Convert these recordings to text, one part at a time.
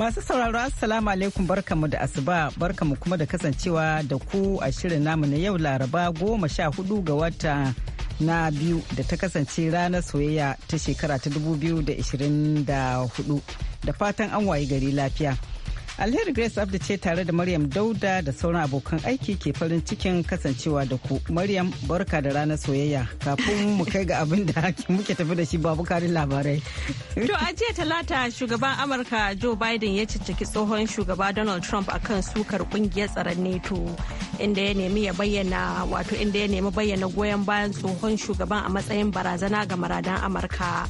Masu sauraro Assalamu alaikum barkamu da asuba barkamu kuma da kasancewa da ku a shirin namu na yau Laraba goma sha hudu ga wata na biyu da ta kasance ranar soyayya ta shekara ta dubu 2024 da fatan an wayi gari lafiya. Alheri Grace Abdi ce tare da Maryam Dauda da sauran abokan aiki ke farin cikin kasancewa da ku. Maryam barka da ranar soyayya kafin mu kai ga abin da muke tafi da shi babu karin labarai. To a jiya talata shugaban Amurka Joe Biden ya cicciki tsohon shugaba Donald Trump a kan sukar kungiyar tsaron NATO inda ya nemi ya bayyana wato inda ya nemi bayyana goyon bayan tsohon shugaban a matsayin barazana ga maradan Amurka.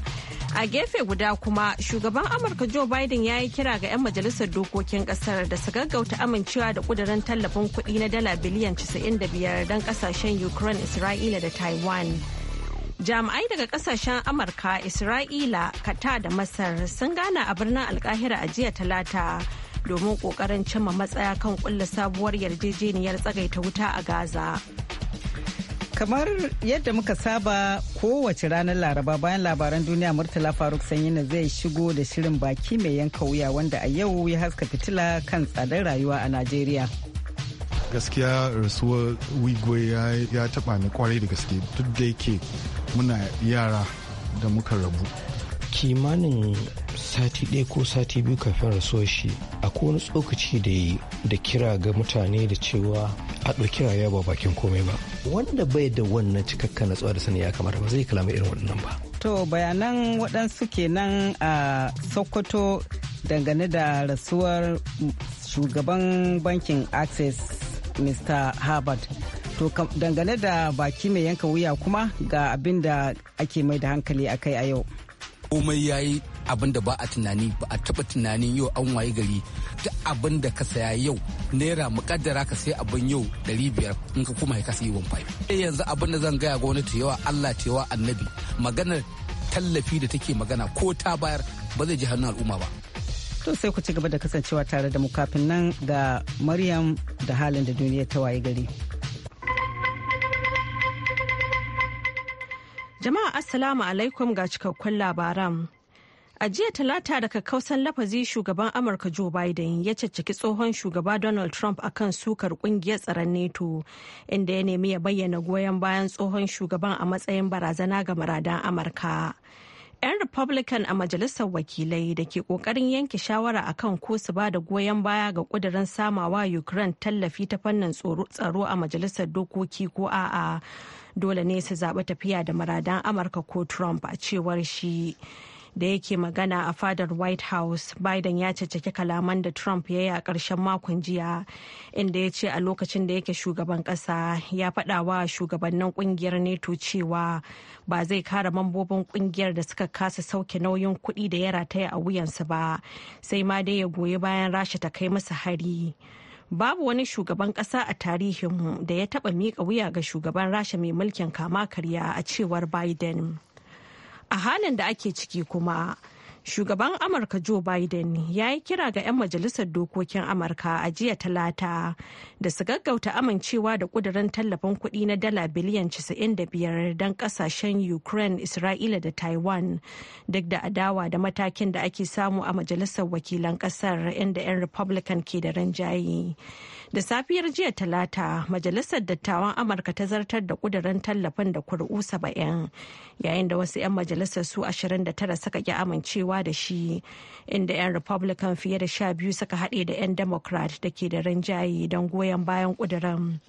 A gefe guda kuma shugaban Amurka Joe Biden ya yi kira ga 'yan majalisar dokokin kasar da su gaggauta amincewa da kudirin tallafin kuɗi na dala biliyan 95 don kasashen Ukraine, Isra'ila da Taiwan. Jami'ai daga kasashen Amurka, Isra'ila, Kata da Masar sun gana a birnin Alkahira a jiya Talata domin ƙoƙarin cimma matsaya kan ƙulla sabuwar yarjejeniyar tsagaita wuta a Gaza. kamar yadda muka saba kowace ranar laraba bayan labaran duniya murtala faruk na zai shigo da shirin baki mai yanka wuya wanda a yau ya haska fitila kan tsadar rayuwa a najeriya gaskiya rasuwar wigwe ya taba ni kwarai da gaske duk da yake muna yara da muka rabu kimanin sati ɗaya ko sati biyu kafin rasuwar shi akwai wani tsokaci da yi da kira ga mutane da cewa a ɗauki rayuwa ba bakin komai ba wanda bai da wannan cikakka natsuwa da sani ya kamata ba zai kalama irin waɗannan ba to bayanan waɗansu kenan a sokoto dangane da rasuwar shugaban bankin access mr harvard to dangane da baki mai yanka wuya kuma ga abin da ake mai da hankali a kai a yau komai yayi abin da ba a tunani ba a taba tunanin yau an waye gari duk abin da ka saya yau naira mukaddara ka sai abin yau ɗari biyar in ka kuma ka sayi wamfai eh, yanzu abin da zan gaya gwamnati yawa Allah cewa annabi maganar tallafi da take magana ko ta bayar ba zai ji hannun al'umma ba to sai ku ci gaba da kasancewa tare da mu kafin nan ga Maryam da halin da duniya ta waye gari. Jama'a Assalamu alaikum ga cikakkun labaran. A jiya talata da kausan lafazi shugaban Amurka Joe Biden ya caccaki tsohon shugaba Donald Trump a kan sukar kungiyar tsaron NATO inda ya nemi ya bayyana goyon bayan tsohon shugaban a matsayin barazana ga maradan Amurka. 'Yan Republican a Majalisar Wakilai da ke kokarin yanke shawara a kan ko su ba da goyon baya ga kudirin samawa Ukraine tallafi ta fannin tsaro a Majalisar Dokoki ko a'a dole ne su zaɓi tafiya da muradan Amurka ko Trump a cewar shi. da yake magana a fadar white house biden ya caccaki kalaman da trump ya yi a ƙarshen makon jiya inda ya ce a lokacin da yake shugaban ƙasa ya faɗa wa shugabannin ƙungiyar neto cewa ba zai kare mambobin ƙungiyar da suka kasa sauke nauyin kuɗi da ya rataya a wuyansu ba sai ma dai ya goyi bayan rasha ta kai masa hari babu wani shugaban ƙasa a tarihinmu da ya taɓa miƙa wuya ga shugaban rasha mai mulkin kama karya a cewar biden a halin da ake ciki kuma shugaban amurka joe biden ya yi kira ga 'yan majalisar dokokin amurka a jiya talata da su gaggauta amincewa da kudirin tallafin kuɗi na dala biliyan 95 don ƙasashen ukraine isra'ila da taiwan duk da adawa da matakin da ake samu a majalisar wakilan ƙasar inda 'yan republican ke da rinjaye da safiyar jiya talata majalisar dattawan amurka ta zartar da kudirin tallafin da kuri'u 70 yayin da wasu 'yan majalisar su 29 suka ki amincewa rayuwa da shi inda 'yan republican fiye da sha biyu suka haɗe da 'yan democrat da ke da rinjaye don goyon bayan ƙuduran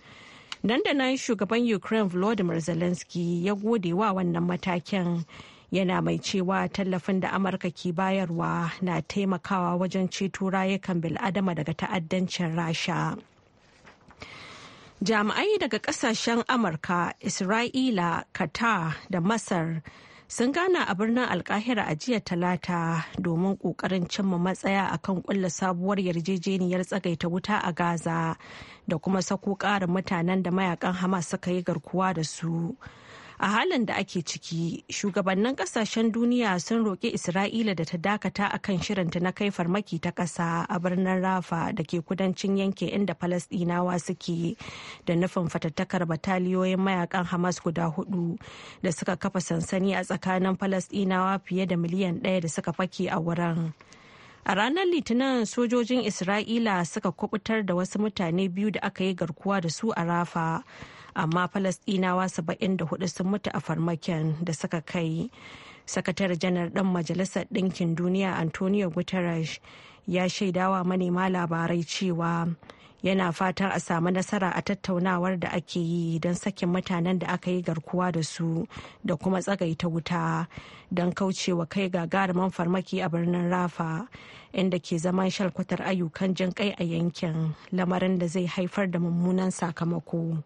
nan da nan shugaban ukraine volodymyr zelensky ya gode wa wannan matakin yana mai cewa tallafin da amurka ke bayarwa na taimakawa wajen ceto rayukan bil'adama daga ta'addancin rasha jami'ai daga kasashen amurka isra'ila qatar da masar sun gana a birnin alkahira a jiya talata domin kokarin cimma matsaya a kan kulla sabuwar yarjejeniyar tsagaita wuta a gaza da kuma sako karin mutanen da mayakan hamas suka yi garkuwa da su a halin da ake ciki shugabannin kasashen duniya sun roƙi isra'ila da ta dakata a kan shirinta na kai farmaki ta ƙasa a birnin rafa da ke kudancin yankin inda falasɗinawa suke da nufin fatattakar bataliyoyin mayakan hamas guda hudu da suka kafa sansani a tsakanin falasɗinawa fiye da miliyan ɗaya da suka fake a wurin A ranar Litinin sojojin Isra'ila suka kubutar da wasu mutane biyu da aka yi garkuwa da su a Rafa amma falasdinawa 74 sun mutu a farmakin da suka kai sakatare janar ɗan majalisar ɗinkin duniya antonio guterres ya shaidawa manema labarai cewa yana fatan a samu nasara a tattaunawar da ake yi don sakin mutanen da aka yi garkuwa da su da kuma tsagaita wuta don kaucewa kai gagarumin farmaki a birnin rafa inda ke zaman shalkwatar ayyukan jin kai a yankin lamarin da zai haifar da mummunan sakamako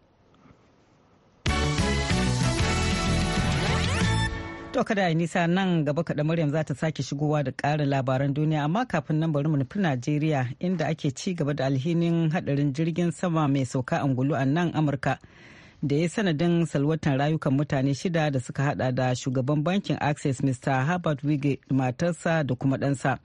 To kada a nisa nan gaba kaɗa Maryam za ta sake shigowa da ƙarin labaran duniya amma kafin nan bari mu nufi Najeriya inda ake ci gaba da alhinin haɗarin jirgin sama mai sauka angulu a nan Amurka da ya sanadin salwatan rayukan mutane shida da suka hada da shugaban bankin Access Mr. Herbert Wige matarsa da kuma ɗansa.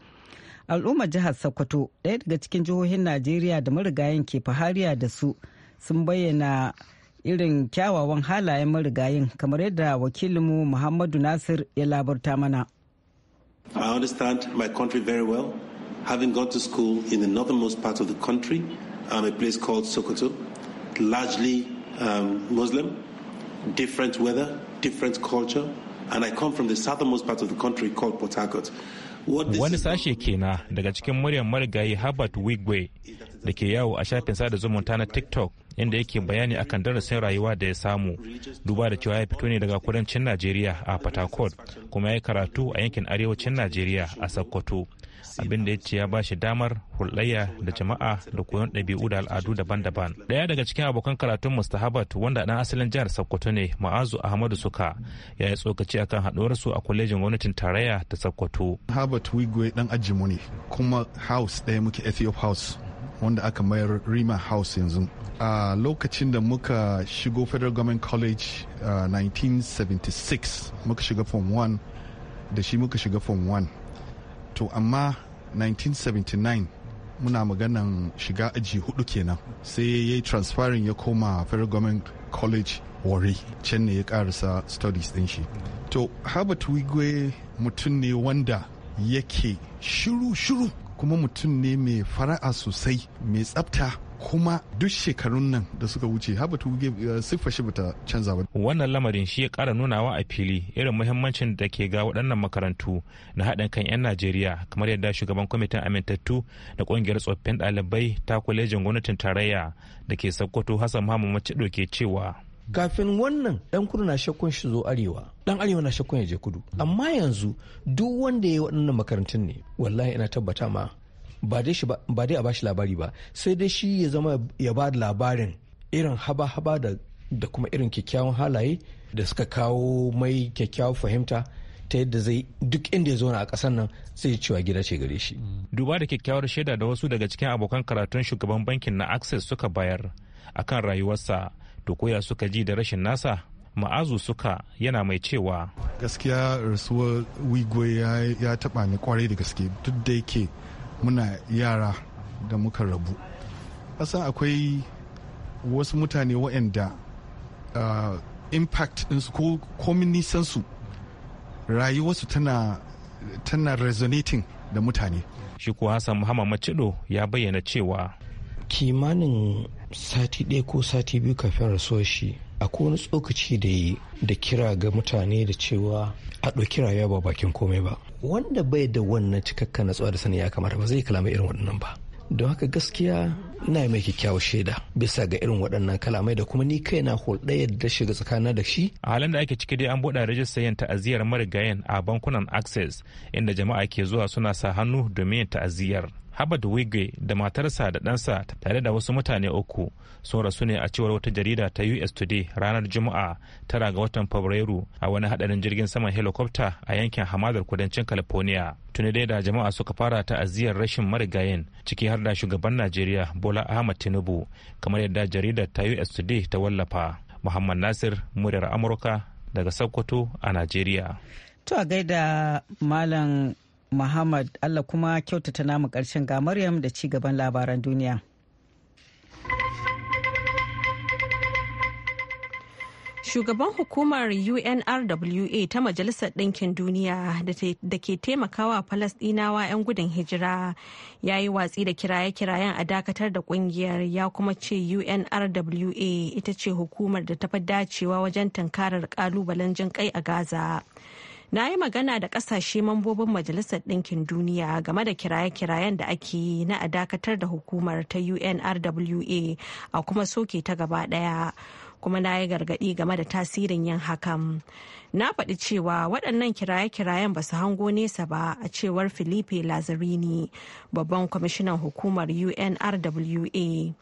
Al'ummar jihar Sokoto ɗaya daga cikin jihohin Najeriya da marigayen ke fahariya da su sun bayyana irin kyawawan halayen marigayin kamar yadda wakilinmu Muhammadu Nasir ya labarta mana. I understand my country very well. Having gone to school in the northernmost part of the country, um, a place called Sokoto, largely um, Muslim, different weather, different culture, and I come from the southernmost part of the country called Port Harcourt. Wani sashe kena daga cikin muryar marigayi Herbert Wigwe da ke yawo a shafin sada zumunta na TikTok inda yake bayani akan darasin rayuwa da ya samu duba da cewa ya fito ne daga kudancin najeriya a fatakot kuma ya yi karatu a yankin arewacin najeriya a sokoto abin da ya ce ya ba shi damar hulɗayya da jama'a da koyon ɗabi'u da al'adu daban-daban ɗaya daga cikin abokan karatun mustahabat wanda ɗan asalin jihar sokoto ne ma'azu ahmadu suka ya yi tsokaci akan haɗuwar su a kwalejin gwamnatin tarayya ta sokoto habat wigwe ɗan ajimu ne kuma house ɗaya muke ethiop house wanda aka mayar rima house yanzu a lokacin da muka shigo federal government college uh, 1976 muka shiga form 1 da shi muka shiga form 1 to amma 1979 muna maganan shiga aji hudu kenan sai ya yi transferring ya koma federal government college wari can ne ya karasa studies din shi to herbert wigwe mutum ne wanda yake shiru-shiru kuma mutum ne mai fara'a sosai mai tsafta kuma duk shekarun nan da suka wuce habatu eh, siffa shi bata canza ba. Wannan lamarin shi ya kara nunawa a fili irin muhimmancin da ke ga waɗannan makarantu na haɗin kan 'yan Najeriya kamar yadda shugaban kwamitin amintattu da ƙungiyar tsoffin ɗalibai ta kwalejin gwamnatin tarayya da ke Sokoto Hassan Mahamud Macido ke cewa. kafin wannan dan kudu na shakkun shi zo arewa dan arewa na shakkun ya je kudu amma yanzu duk wanda ya yi waɗannan makarantun ne wallahi ina tabbata ma ba dai a bashi labari ba sai dai shi ya zama ya ba labarin irin haba-haba da kuma irin kyakkyawan halaye da suka kawo mai kyakkyawan fahimta ta yadda zai duk inda ya zauna a ƙasar nan zai cewa gida ce gare shi. Duba da kyakkyawar shaida da wasu daga cikin abokan karatun shugaban bankin na Access suka bayar akan rayuwarsa to koya suka ji da rashin nasa ma'azu suka yana mai cewa gaskiya rasuwar wigwe ya taba ni kwarai da gaske duk da yake muna yara da muka rabu ƙasa akwai wasu mutane waɗanda impact ɗinsu ko komin nisansu rayuwarsu tana resonating da mutane shi kuwa hassan muhammad macedo ya bayyana cewa kimanin sati ɗaya ko sati biyu kafin rasuwar shi a wani tsokaci da yi da kira ga mutane da cewa a ɗauki rayuwa ba bakin komai ba wanda bai da wannan cikakka natsuwa da sani ya kamata ba zai kalama irin waɗannan ba don haka gaskiya na mai kyakkyawar shaida bisa ga irin waɗannan kalamai da kuma ni kai na hulɗa yadda shiga tsakanin da shi. A halin da ake ciki dai an buɗe rajistar yin ta'aziyar marigayen a bankunan Access inda jama'a ke zuwa suna sa hannu domin yin ta'aziyar. Habad Wige da matarsa da ɗansa tare da wasu mutane uku sun rasu ne a cewar wata jarida ta US Today ranar Juma'a tara ga watan Fabrairu a wani haɗarin jirgin saman helikopta a yankin hamadar kudancin California. Tuni dai da jama'a suka fara ta'aziyar rashin marigayen ciki har da shugaban Najeriya Bola Ahmad Tinubu kamar yadda jaridar ta US Today ta wallafa. Muhammad Nasir muryar Amurka daga Sokoto a Najeriya. To a gaida Malam Muhammad Allah kuma kyautata namu ƙarshen ga Maryam da ci gaban labaran duniya. Shugaban hukumar UNRWA ta Majalisar Ɗinkin Duniya da ke taimakawa Falasɗinawa 'yan gudun hijira ya yi watsi da kiraye-kirayen a dakatar da ƙungiyar ya kuma ce UNRWA ita ce hukumar da ta fi dacewa wajen tunkarar ƙalubalen jin a Gaza. na yi magana da kasashe mambobin majalisar ɗinkin duniya game da kiraye-kirayen da ake yi na a dakatar da hukumar ta unrwa a kuma soke ta gaba ɗaya kuma na yi gargaɗi game da tasirin yin hakan na faɗi cewa waɗannan kiraye-kirayen ba su hango nesa ba a cewar filipe lazarini babban kwamishinan hukumar unrwa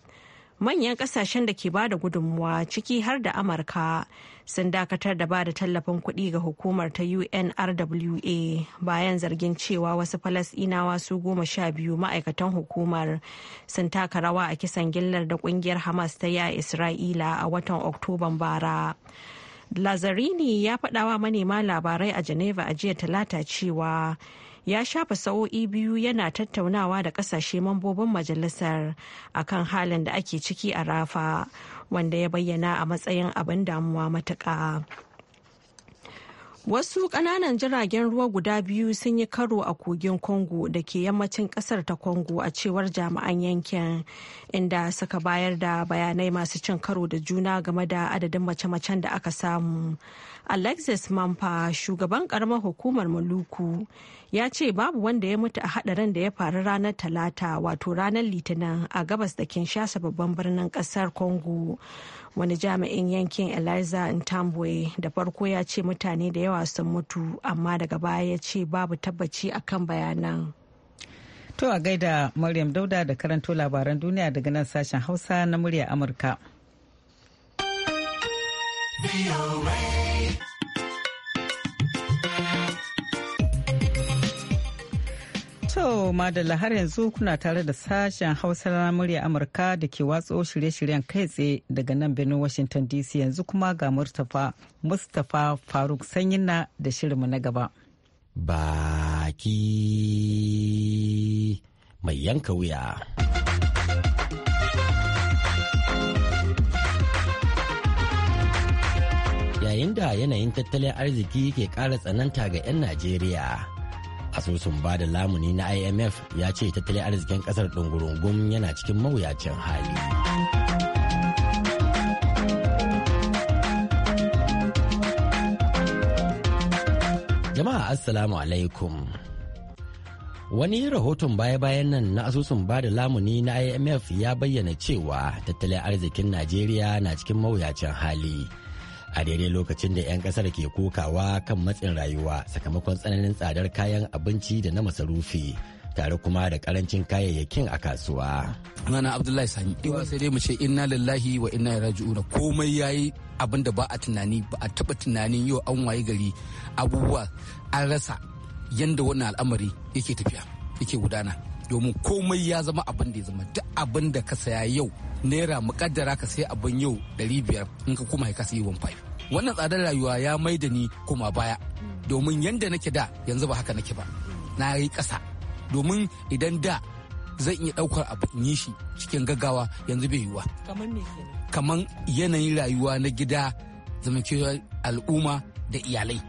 manyan kasashen da ke bada gudunmuwa ciki har da amurka sun dakatar da ba da tallafin kuɗi ga hukumar ta unrwa bayan zargin cewa wasu falasɗinawa su goma sha biyu ma'aikatan hukumar sun taka rawa a kisan gillar da ƙungiyar hamas ta yi a isra'ila a watan oktoban bara lazarini ya faɗawa manema labarai a geneva a jiya talata cewa ya shafa sa'o'i biyu yana tattaunawa da kasashe mambobin majalisar akan halin da ake ciki a rafa wanda ya bayyana a matsayin abin damuwa matuƙa. Wasu ƙananan jiragen ruwa guda biyu sun yi karo a kogin Congo da ke yammacin ƙasar ta Congo a cewar jami'an yankin inda suka bayar da bayanai masu cin karo da juna game da adadin mace-macen da aka samu. alexis mampa shugaban karamar hukumar maluku ya ce babu wanda ya mutu a hadarin da ya faru ranar talata wato ranar litinin a gabas da kinshasa babban birnin kasar congo wani jami'in yankin eliza ntambwe da farko ya ce mutane da yawa sun mutu amma daga baya ya ce babu tabbaci akan bayanan to a gaida maryam dauda da karanto labaran duniya daga nan sashen hausa na murya amurka. To da har yanzu kuna tare da sashen Hausa na murya Amurka da ke watso shirye-shiryen kai tsaye daga nan birnin Washington DC yanzu kuma ga Mustapha Mustapha Faruk Sanyina da shirinmu na gaba. Baki mai yanka wuya. Yayin da yanayin tattalin arziki ke kara tsananta ga 'yan Najeriya. asusun ba da lamuni na imf ya ce tattalin arzikin kasar dungurungun yana cikin mawuyacin hali jama'a assalamu alaikum wani rahoton baya-bayan nan na asusun ba da lamuni na imf ya bayyana cewa tattalin arzikin najeriya na cikin mawuyacin hali a daidai lokacin da 'yan kasar ke kokawa kan matsin rayuwa sakamakon tsananin tsadar kayan abinci da na masarufi tare kuma da karancin kayayyakin a kasuwa. Nana Abdullahi Sani, iwa sai dai mu ce inna lillahi wa inna raji'un komai yi abin da ba a tunani ba a taba tunanin yau an waye gari abubuwa an rasa yadda wannan al'amari yake tafiya yake gudana domin komai ya zama abin da ya zama duk abin da ka saya yau naira mukaddara ka sai abin yau biyar in ka kuma ka sai 15 wannan tsadar rayuwa ya mai da ni kuma baya domin yanda nake da yanzu ba haka nake ba na yi ƙasa domin idan da zan iya ɗaukar abu in yi shi cikin gaggawa yanzu bai yiwuwa kamar yanayin rayuwa na gida zamantakewar al'umma da iyalai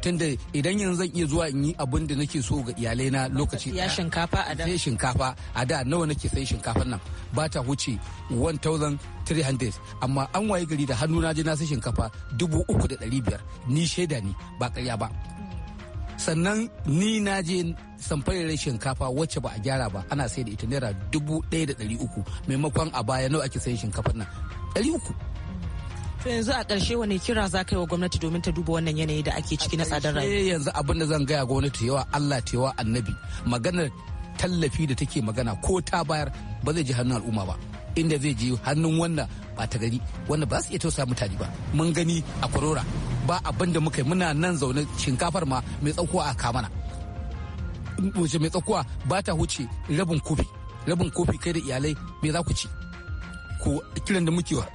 tunda idan yanzu zan iya zuwa in yi abin da nake so ga iyalai na lokaci ya shinkafa a da shinkafa a da nawa nake sai shinkafan nan ba ta wuce 1300 amma an waye gari da hannu na je na sai shinkafa 3500 ni shaida ne ba ƙarya ba sannan ni na je samfarin shinkafa wacce ba a gyara ba ana sai da ita naira dubu maimakon a baya nawa ake sai shinkafan nan to yanzu a ƙarshe wani kira za ka yi wa gwamnati domin ta duba wannan yanayi da ake ciki na tsadar rayuwa yanzu abin da zan gaya ga gwamnati yawa Allah ta yawa annabi maganar tallafi da take magana ko ta bayar ba zai ji hannun al'umma ba inda zai ji hannun wanda ba ta gani wanda ba su iya tausaya mutane ba mun gani a korora ba abin da muka yi muna nan zaune shinkafar ma mai tsakuwa a kamana mace mai tsakuwa ba ta huce rabin kofi rabin kofi kai da iyalai me za ku ci ko kiran da muke wa.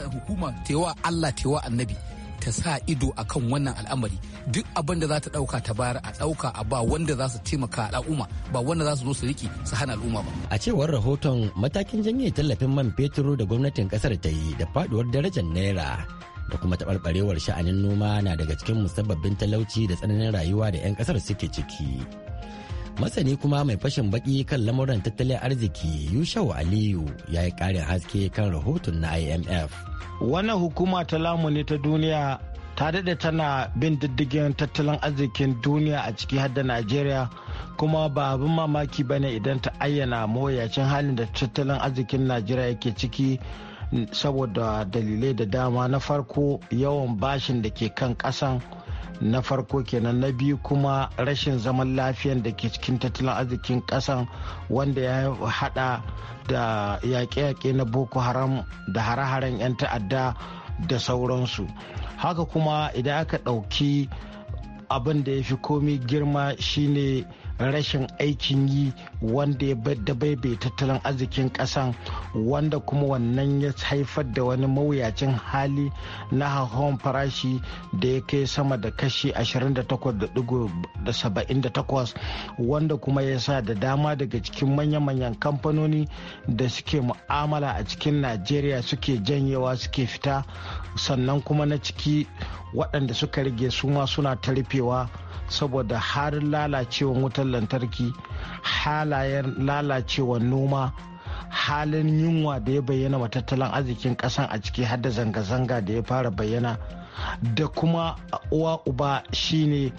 Eh, hukuma ta yawa Allah ta yawa annabi ta sa ido a kan wannan al'amari duk abin da za ta dauka ta bayar a dauka a ba wanda za su taimaka al'umma ba wanda za su zo su riki su hana al'umma ba a cewar rahoton matakin janye tallafin man fetur da gwamnatin kasar ta yi da faduwar darajar naira da kuma taɓarɓarewar sha'anin noma na daga cikin musabbabin talauci da tsananin rayuwa da 'yan kasar suke ciki Masani kuma mai fashin baki kan lamuran tattalin arziki Yushau Aliyu ya yi ƙarin haske kan rahoton na IMF. Wannan hukuma ta lamuni ta duniya ta daɗe tana bin diddigin tattalin arzikin duniya a ciki har da Najeriya kuma ba abin mamaki bane idan ta ayyana mawuyacin halin da tattalin arzikin Najeriya yake ciki. saboda dalilai da dama na farko yawan bashin da ke kan kasan na farko kenan na biyu kuma rashin zaman lafiyan da ke cikin tattalin arzikin kasan wanda ya hada da yaƙe-yaƙe na boko haram da hare-haren 'yan ta'adda da sauransu haka kuma idan aka ɗauki abin da ya fi komi girma shine rashin aikin yi wanda ya bai tattalin arzikin ƙasan wanda kuma wannan ya haifar da wani mawuyacin hali na hahon farashi da ya kai sama da kashi 28.78 wanda kuma ya sa da dama daga cikin manya-manyan kamfanoni da suke mu'amala a cikin najeriya suke janyewa suke fita sannan kuma na ciki waɗanda suka rage su suna ta rufewa saboda har lalacewa wutar lantarki halayen lalacewa noma halin yunwa da ya bayyana wa tattalin arzikin kasan a ciki har da zanga-zanga da ya fara bayyana da kuma uwa uba shine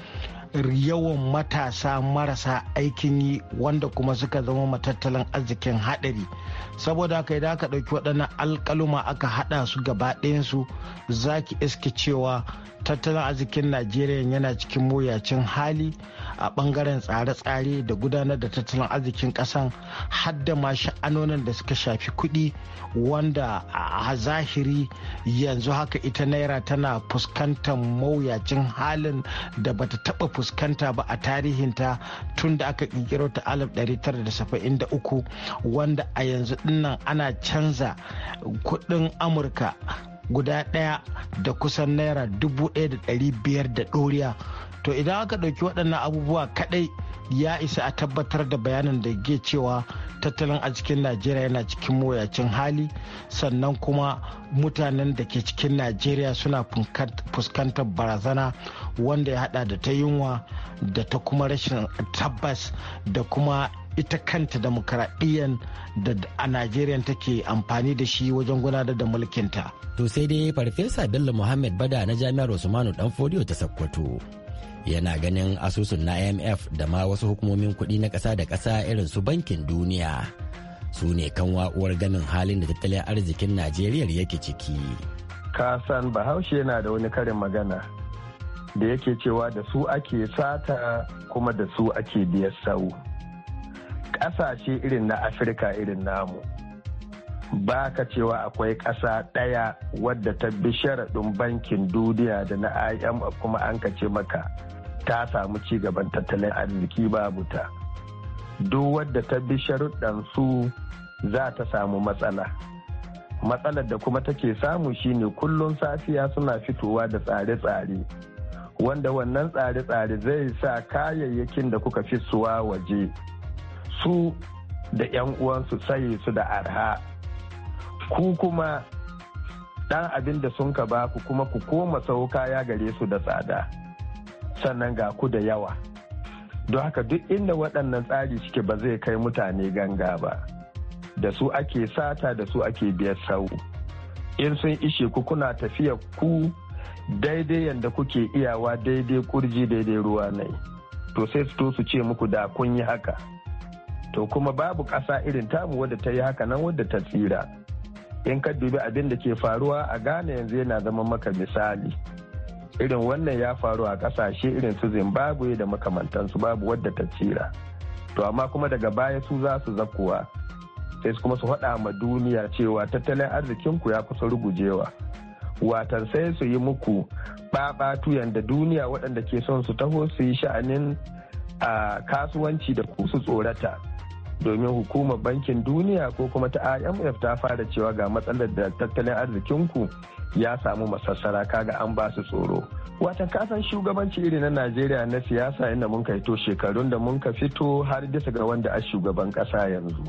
yawan matasa marasa aikin yi wanda kuma suka zama matattalin arzikin haɗari saboda haka idan aka ɗauki waɗannan alkaluma aka haɗa su gaba ɗayansu za ki iske cewa tattalin arzikin najeriya yana cikin muyacin hali a ɓangaren tsare-tsare da gudanar da tattalin arzikin ƙasan hadda ma sha'anonin da suka shafi kuɗi wanda a zahiri yanzu haka ita naira tana fuskantar mawuyacin halin da bata taɓa fuskanta ba a tarihinta tun da aka kirkiro ta 1973 wanda a yanzu dinnan ana canza kudin amurka guda ɗaya da kusan naira dubu ɗaya da ɗari biyar da ɗoriya to idan aka ɗauki waɗannan abubuwa kaɗai ya isa a tabbatar da bayanin da ke cewa tattalin a cikin najeriya yana cikin mawuyacin hali sannan kuma mutanen da ke cikin najeriya suna fuskantar barazana wanda ya hada da ta yunwa da ta kuma rashin tabbas da kuma ita kanta demokaradiyyar da a najeriya take amfani da shi wajen gudanar da mulkinta to sai dai farfesa bello muhammad bada na jami'ar usmanu danfodiyo ta sakkwato yana ganin asusun na imf da ma wasu hukumomin kuɗi na ƙasa da ƙasa irin su bankin duniya su ne kan wa'uwar ganin halin da tattalin arzikin najeriya yake ciki kasan bahaushe yana da wani karin magana da yake cewa da su ake sata kuma da su ake biyar sau ƙasashe irin na afirka irin namu ba ka cewa akwai ƙasa ɗaya wadda ta bi sharaɗin bankin duniya da na IMF kuma an ka maka ta samu ci gaban tattalin arziki babu ta duk wadda ta bi sharuɗan su za ta samu matsala matsalar da kuma take samu shine kullum safiya suna fitowa da tsare-tsare wanda wannan tsare-tsare zai sa kayayyakin da kuka fi suwa waje su da 'yan uwansu saye su da arha ku kuma ɗan abin da sun ka ku kuma ku koma sau kaya gare su da tsada sannan ga ku da yawa don haka duk inda waɗannan tsari suke ba zai kai mutane ganga ba da su ake sata da su ake biyar sau in sun ishe ku kuna tafiya ku daidai yadda kuke iyawa daidai kurji daidai ruwa ne to sai su to su ce muku da kun yi haka to kuma babu ƙasa irin tamu wadda ta yi haka nan wadda ta tsira in ka dubi abin da ke faruwa a gane yanzu yana zama maka misali irin wannan ya faru a kasashe irin su zimbabwe da makamantansu babu wadda ta tsira to amma kuma daga baya su za su zakuwa sai kuma su faɗa ma duniya cewa tattalin arzikinku ya kusa rugujewa watan sai su yi muku ɓaɓatu yadda duniya waɗanda ke son su taho su yi sha'anin a kasuwanci da ku su tsorata domin hukumar bankin duniya ko kuma ta imf ta fara cewa ga matsalar da tattalin arzikinku ya samu masassara kaga an ba su tsoro watan kasan shugabanci iri na najeriya na siyasa inda mun kaito shekarun da mun ka fito har bisa ga wanda a shugaban kasa yanzu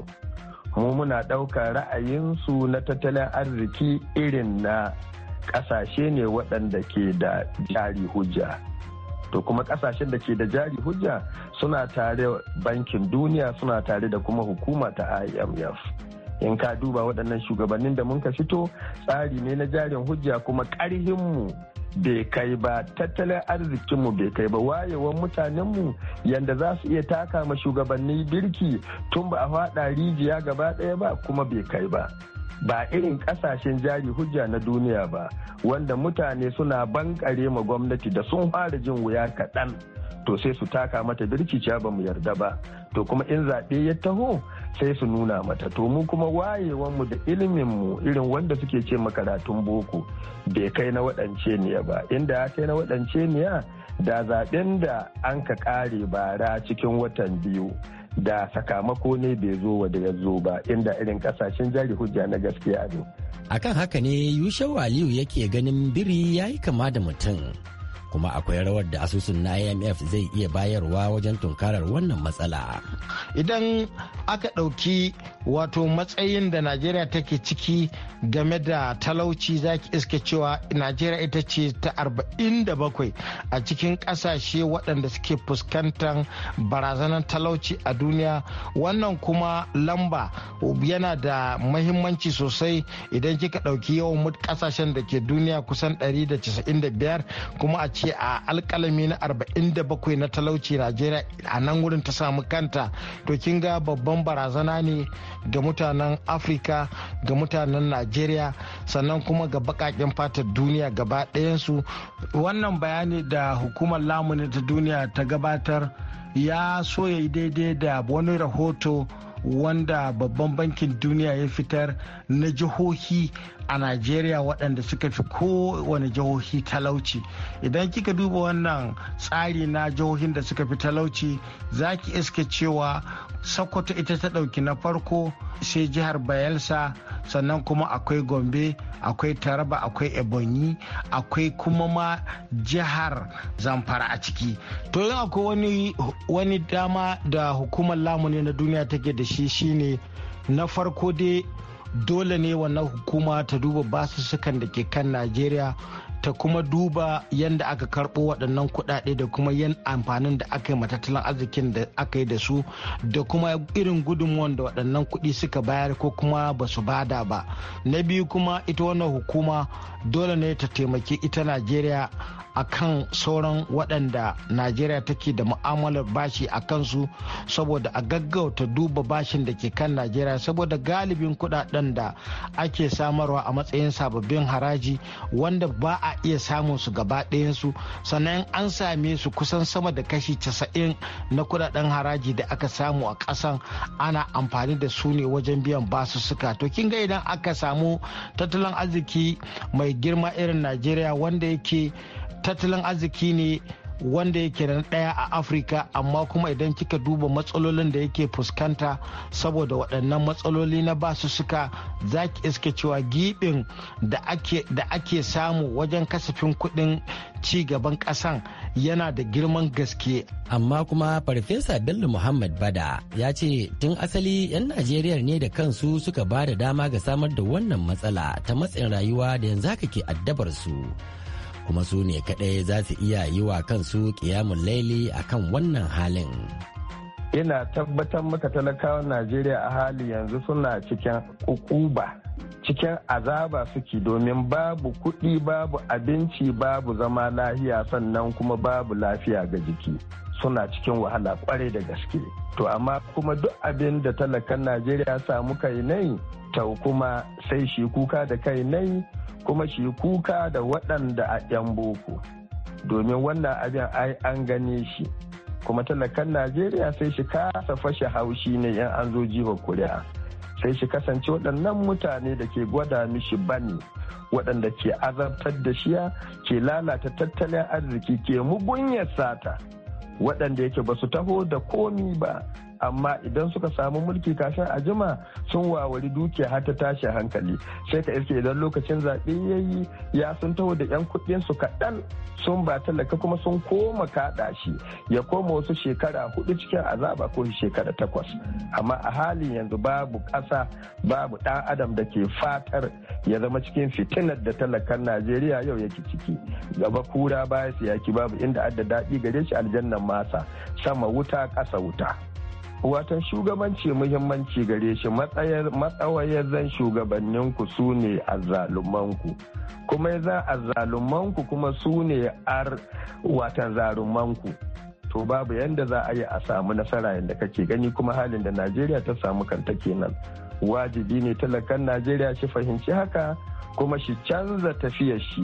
mu muna ɗaukar ra'ayinsu na tattalin arziki irin na ƙasashe ne waɗanda ke da jari hujja to kuma kasashen da ke da jari hujja suna tare bankin duniya suna tare da kuma hukuma ta imf in ka duba waɗannan shugabannin da mun ka fito tsari ne na jarin hujja kuma ƙarhinmu bai kai ba tattalin arzikinmu bai kai ba wayewan mutanenmu yadda za su iya taka ma shugabanni birki tun ba a faɗa rijiya gaba ɗaya ba kuma bai kai ba ba irin kasashen jari hujja na duniya ba wanda mutane suna bankare ma gwamnati da sun fara jin wuya kaɗan to sai su taka mata birkica ba mu yarda ba to kuma in zaɓe ya taho sai su nuna mata to mu kuma wayewanmu da iliminmu irin wanda suke ce makaratun boko bai kai na waɗance niya ba inda ya kai na waɗance niya da zaɓen da an ka ƙare bara cikin watan biyu da sakamako ne bai zo wa da ya zo ba inda irin kasashen jari hujja na gaskiya ne. Akan haka ne Yushau Aliyu yake ganin biri ya yi kama da mutum. kuma akwai rawar da asusun na imf zai iya bayarwa wajen tunkarar wannan matsala idan aka ɗauki wato matsayin da najeriya take ciki game da talauci zaki iske cewa najeriya ita ce ta 47 a cikin ƙasashe waɗanda suke fuskantar barazanar talauci a duniya wannan kuma lamba yana da mahimmanci sosai idan kika ɗauki yawan ƙasashen da ke duniya kusan 195 kuma a ce a alkalami na bakwai na talauci najeriya a nan wurin ta samu kanta to kin ga babban barazana ne ga mutanen afirka ga mutanen najeriya sannan kuma ga bakaƙen fatar duniya gaba ɗayansu wannan bayani da hukumar lamuni ta duniya ta gabatar ya so ya yi daidai da wani rahoto wanda babban bankin duniya ya fitar na jihohi a najeriya waɗanda suka fi kowane jihohi talauci idan kika duba wannan tsari na jihohin da suka fi talauci za ki iska cewa sokoto ita ta ɗauki na farko sai jihar bayelsa sannan kuma akwai gombe akwai taraba akwai ebonyi akwai kuma ma jihar zamfara a ciki to yin akwai wani, wani dama da hukumar lamuni na duniya take da shi shine na farko dai dole ne wannan hukuma ta duba basussukan da ke kan najeriya ta kuma duba yadda aka karɓo waɗannan kuɗaɗe da kuma yan amfanin da aka yi matattalin arzikin da aka yi da su da kuma irin gudunmuwan da waɗannan kuɗi suka bayar ko kuma ba su bada ba na biyu kuma ita wannan hukuma dole ne ta taimaki ita najeriya kan sauran waɗanda najeriya take da mu'amalar bashi a kansu saboda a gaggauta duba bashin da ke kan najeriya saboda galibin kuɗaɗen da ake samarwa a matsayin sababbin haraji wanda ba a iya samun su gaba su sannan an same su kusan sama da kashi casa'in na kudaden haraji da aka samu a ƙasan ana amfani da su ne wajen biyan basu suka to kin ga idan aka samu tattalin arziki mai girma irin najeriya wanda yake tattalin arziki ne wanda yake na ɗaya a afirka amma kuma idan kika duba matsalolin da yake fuskanta saboda waɗannan matsaloli na basu suka za ki iske cewa giɓin da ake samu wajen kasafin kuɗin ci gaban ƙasan yana da girman gaske amma kuma farfesa bello muhammad bada ya ce tun asali 'yan najeriya ne da kansu suka ba da dama ga samar da wannan matsala ta matsin rayuwa da yanzu haka ke addabar su kuma su ne kaɗai za su iya yi wa kansu ƙiyamun laili a kan wannan halin. Ina tabbatar maka talakawan Najeriya a hali yanzu suna cikin kukuba, cikin azaba suke domin babu kuɗi, babu abinci, babu zama lahiya sannan kuma babu lafiya ga jiki. Suna cikin wahala kwarai da gaske. To amma kuma duk abin da talakan Najeriya samu kai nai kyau kuma sai shi kuka da kai nai kuma shi kuka da waɗanda a 'yan boko domin wannan abin ai an gane shi kuma talakan najeriya sai shi kasa fashe haushi ne yan an zo jihar kuri'a sai shi kasance waɗannan mutane da ke gwada mishi bane waɗanda ke azabtar da shiya ke lalata tattalin arziki ke mugunyar sata waɗanda yake ba su taho da komi ba amma idan suka samu mulki kashin a jima sun wawari dukiya har ta tashi hankali sai ka iske idan lokacin zaɓe ya yi ya sun taho da 'yan kuɗin su kaɗan sun ba talaka kuma sun koma kaɗa shi ya koma wasu shekara hudu cikin azaba ko shekara takwas amma a halin yanzu babu ƙasa babu ɗan adam da ke fatar ya zama cikin fitinar da talakan najeriya yau yake ciki gaba kura baya siyaki babu inda adda daɗi gare shi aljannan masa sama wuta ƙasa wuta. watan shugabanci muhimmanci gare shi matsawayar zan shugabanninku su ne zalumanku kuma ya za zalumanku kuma su ne ar watan zalumanku to babu yadda za a yi a samu nasara yadda kake gani kuma halin da najeriya ta samu kanta kenan wajibi ne talakan najeriya shi fahimci haka kuma shi canza tafiyar shi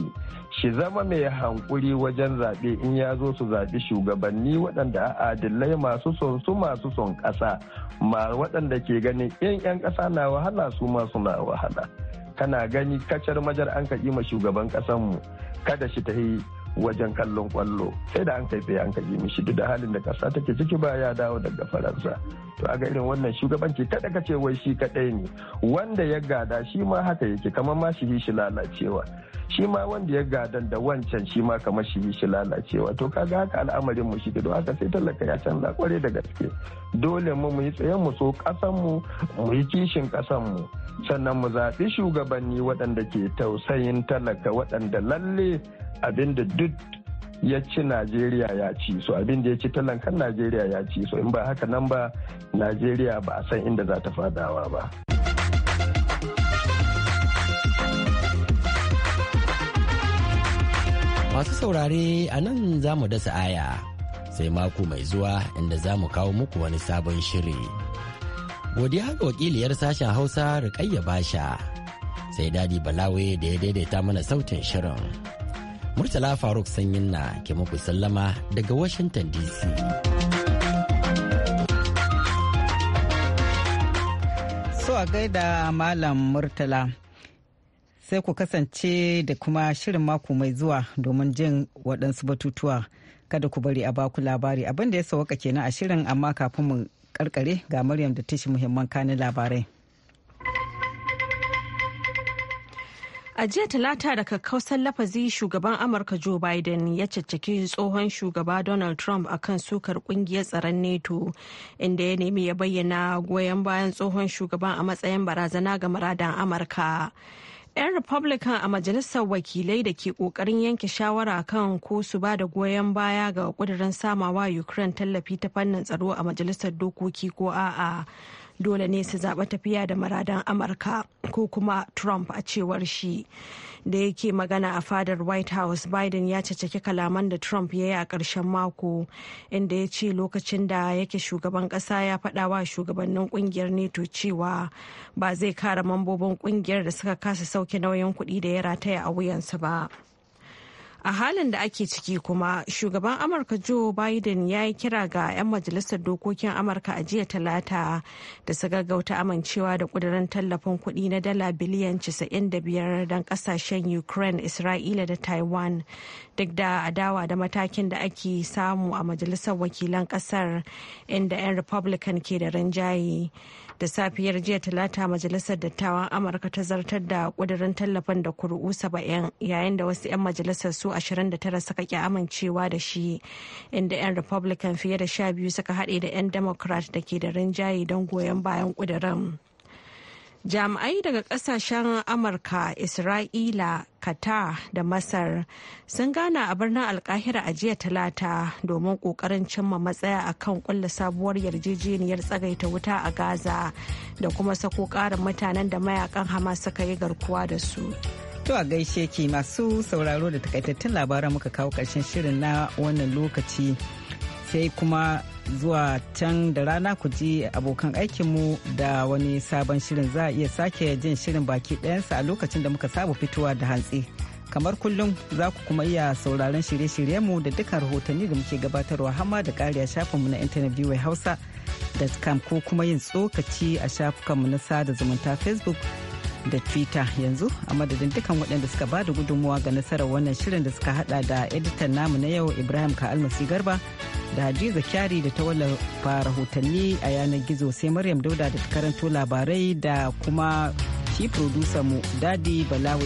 shi zama mai hankuri wajen zaɓe in ya zo su zaɓi shugabanni waɗanda a adillai masu son su masu son ƙasa ma waɗanda ke ganin in 'yan ƙasa na wahala su masu na wahala kana gani kacar majar an ka ma shugaban ƙasanmu kada shi ta yi wajen kallon kwallo sai da an tsaye an kaji mishi duk da halin da kasa take ciki ba ya dawo daga faransa to a ga irin wannan shugabanci kada ka ce wai shi kadai ne wanda ya gada shi ma haka yake kamar ma shi shi lalacewa shi ma wanda ya gadan da wancan shi ma kamar shi shi lalacewa to kaga haka al'amarin mu shi ke don haka sai talaka ya canza kware da gaske dole mu mu yi tsayen mu so kasan mu mu yi kishin kasan mu sannan mu zaɓi shugabanni waɗanda ke tausayin talaka waɗanda lalle abinda duk ya ci najeriya ya ci so abinda ya ci kan najeriya ya ci so in ba haka nan ba najeriya ba a san inda za ta fadawa ba masu saurare a nan za mu dasa aya sai mako mai zuwa inda za mu kawo muku wani sabon shiri. Godiya ga wakiliyar sashen Hausa Rikayya Basha, sai Dadi Balawe da ya daidaita mana sautin shirin. Murtala Faruk Sanyin na ke muku sallama daga Washington DC. So a gaida Malam Murtala. Sai ku kasance da kuma shirin mako mai zuwa domin jin waɗansu batutuwa. Kada ku bari a baku labari abinda ya sauka kenan a shirin amma kafin mu karkare ga Maryam da tashi muhimman kanin labarai. A jiya talata da kakkausar lafazi shugaban Amurka Joe Biden ya caccaki tsohon shugaba Donald Trump a kan sukar kungiyar tsaron NATO inda ya nemi ya bayyana goyon bayan tsohon shugaban a matsayin barazana ga muradan Amurka. 'Yan Republican a Majalisar Wakilai da ke ƙoƙarin yanke shawara kan ko su ba da goyon baya ga ƙudurin samawa Ukraine tallafi ta fannin tsaro a Majalisar Dokoki ko a'a. dole ne su zaɓa tafiya da maradan amurka ko kuma trump a cewar shi da yake magana a fadar white house biden ya caceki kalaman da trump ya yi a ƙarshen mako inda ya ce lokacin da yake shugaban ƙasa ya faɗa wa shugabannin ƙungiyar neto cewa ba zai kare mambobin ƙungiyar da suka kasa sauke nauyin kuɗi da ya rataya a wuyansu ba. a halin da ake ciki kuma shugaban amurka joe biden ya yi kira ga 'yan majalisar dokokin amurka a jiya talata da su gaggauta amincewa da kudurin tallafin kudi na dala biliyan 95 don kasashen ukraine isra'ila da taiwan duk da adawa da matakin da ake samu a majalisar wakilan kasar inda 'yan republican ke da rinjaye da safiyar jiya talata majalisar dattawan amurka ta zartar da kudirin tallafin da kuru'u 70 yayin da wasu 'yan majalisar su 29 suka ki amincewa da shi inda 'yan republican fiye da 12 suka haɗe da 'yan democrat da ke da rinjaye don goyon bayan kudirin. jami'ai daga kasashen amurka isra'ila qatar da masar sun gana a birnin alkahira a jiya talata domin kokarin cimma matsaya a kan kulla sabuwar yarjejeniyar tsagaita wuta a gaza da kuma sako karin mutanen da mayakan hamas suka yi garkuwa da su To a gaishe ki masu sauraro da takaitattun labaran muka kawo karshen shirin na wannan lokaci sai kuma zuwa can da rana ku ji abokan aikinmu da wani sabon shirin za a iya sake jin shirin baki ɗayansa a lokacin da muka saba fitowa da hantsi. Kamar kullum za ku kuma iya sauraron shirye-shiryenmu da dukkan rahotanni da muke gabatarwa hama da ƙari a shafinmu na intanet biyu hausa.com ko kuma yin tsokaci a shafukanmu na sada zumunta Facebook da twitter yanzu a madadin dukkan waɗanda suka ba da gudunmuwa ga nasarar wannan shirin da suka hada da editan namu na yau ibrahim ka'almasi garba da hadiza kyari da ta wallafa rahotanni a yanar gizo sai maryam dauda da ta karanto labarai da kuma shi producer mu dadi balawi